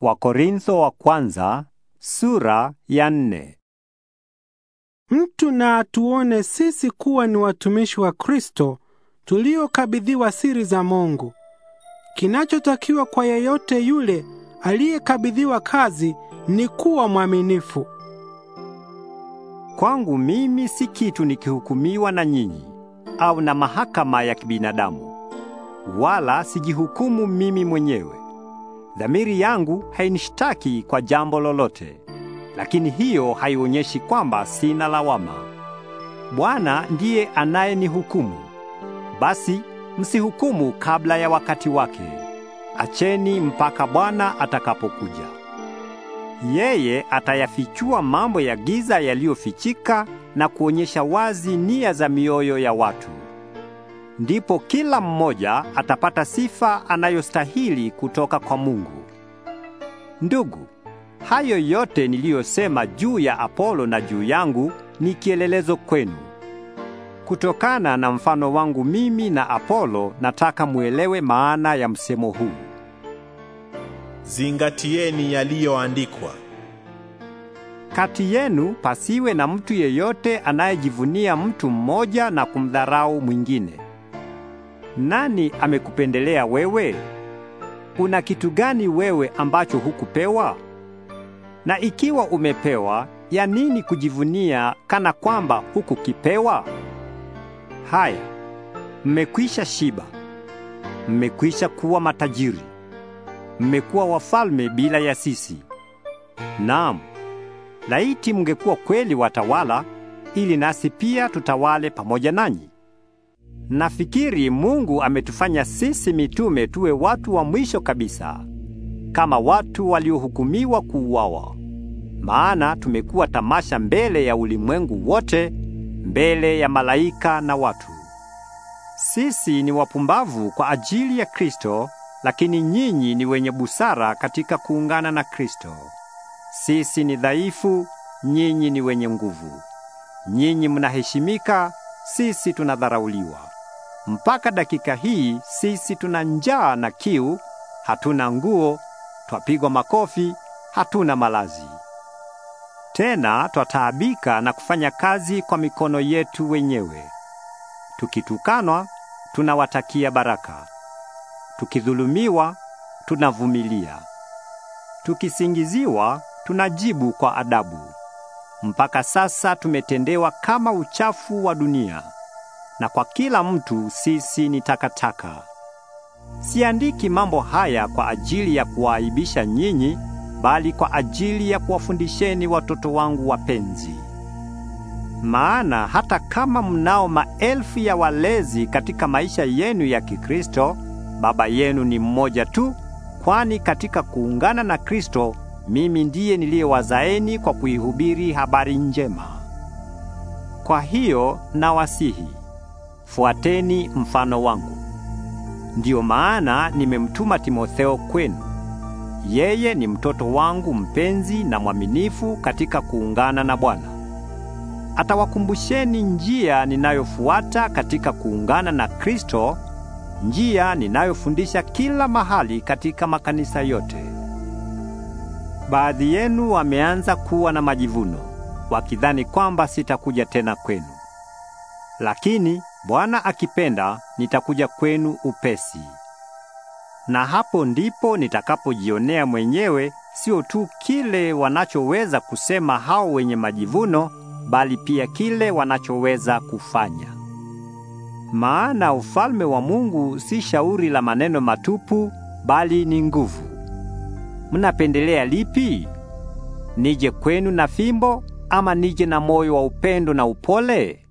Wakorintho wa kwanza sura ya nne. Mtu na atuone sisi kuwa ni watumishi wa Kristo tuliokabidhiwa siri za Mungu. Kinachotakiwa kwa yeyote yule aliyekabidhiwa kazi ni kuwa mwaminifu. Kwangu mimi si kitu nikihukumiwa na nyinyi au na mahakama ya kibinadamu. Wala sijihukumu mimi mwenyewe. Dhamiri yangu hainishtaki kwa jambo lolote, lakini hiyo haionyeshi kwamba sina lawama. Bwana ndiye anayenihukumu. Basi msihukumu kabla ya wakati wake. Acheni mpaka Bwana atakapokuja. Yeye atayafichua mambo ya giza yaliyofichika na kuonyesha wazi nia za mioyo ya watu ndipo kila mmoja atapata sifa anayostahili kutoka kwa Mungu. Ndugu, hayo yote niliyosema juu ya Apolo na juu yangu ni kielelezo kwenu. Kutokana na mfano wangu mimi na Apolo, nataka muelewe maana ya msemo huu. Zingatieni yaliyoandikwa. Kati yenu pasiwe na mtu yeyote anayejivunia mtu mmoja na kumdharau mwingine nani amekupendelea wewe? Kuna kitu gani wewe ambacho hukupewa? Na ikiwa umepewa, ya nini kujivunia kana kwamba hukukipewa? Haya, mmekwisha shiba, mmekwisha kuwa matajiri, mmekuwa wafalme bila ya sisi. Naam, laiti mngekuwa kweli watawala, ili nasi pia tutawale pamoja nanyi. Nafikiri Mungu ametufanya sisi mitume tuwe watu wa mwisho kabisa, kama watu waliohukumiwa kuuawa. Maana tumekuwa tamasha mbele ya ulimwengu wote, mbele ya malaika na watu. Sisi ni wapumbavu kwa ajili ya Kristo, lakini nyinyi ni wenye busara katika kuungana na Kristo. Sisi ni dhaifu, nyinyi ni wenye nguvu. Nyinyi mnaheshimika, sisi tunadharauliwa. Mpaka dakika hii sisi tuna njaa na kiu, hatuna nguo, twapigwa makofi, hatuna malazi. Tena twataabika na kufanya kazi kwa mikono yetu wenyewe. Tukitukanwa, tunawatakia baraka. Tukidhulumiwa, tunavumilia. Tukisingiziwa, tunajibu kwa adabu. Mpaka sasa tumetendewa kama uchafu wa dunia na kwa kila mtu sisi ni takataka. Siandiki mambo haya kwa ajili ya kuwaaibisha nyinyi, bali kwa ajili ya kuwafundisheni watoto wangu wapenzi. Maana hata kama mnao maelfu ya walezi katika maisha yenu ya Kikristo, baba yenu ni mmoja tu, kwani katika kuungana na Kristo mimi ndiye niliyewazaeni kwa kuihubiri habari njema. Kwa hiyo nawasihi fuateni mfano wangu. Ndiyo maana nimemtuma Timotheo kwenu. Yeye ni mtoto wangu mpenzi na mwaminifu katika kuungana na Bwana. Atawakumbusheni njia ninayofuata katika kuungana na Kristo, njia ninayofundisha kila mahali katika makanisa yote. Baadhi yenu wameanza kuwa na majivuno, wakidhani kwamba sitakuja tena kwenu. Lakini Bwana akipenda, nitakuja kwenu upesi. Na hapo ndipo nitakapojionea mwenyewe sio tu kile wanachoweza kusema hao wenye majivuno, bali pia kile wanachoweza kufanya. Maana ufalme wa Mungu si shauri la maneno matupu, bali ni nguvu. Mnapendelea lipi? Nije kwenu na fimbo ama nije na moyo wa upendo na upole?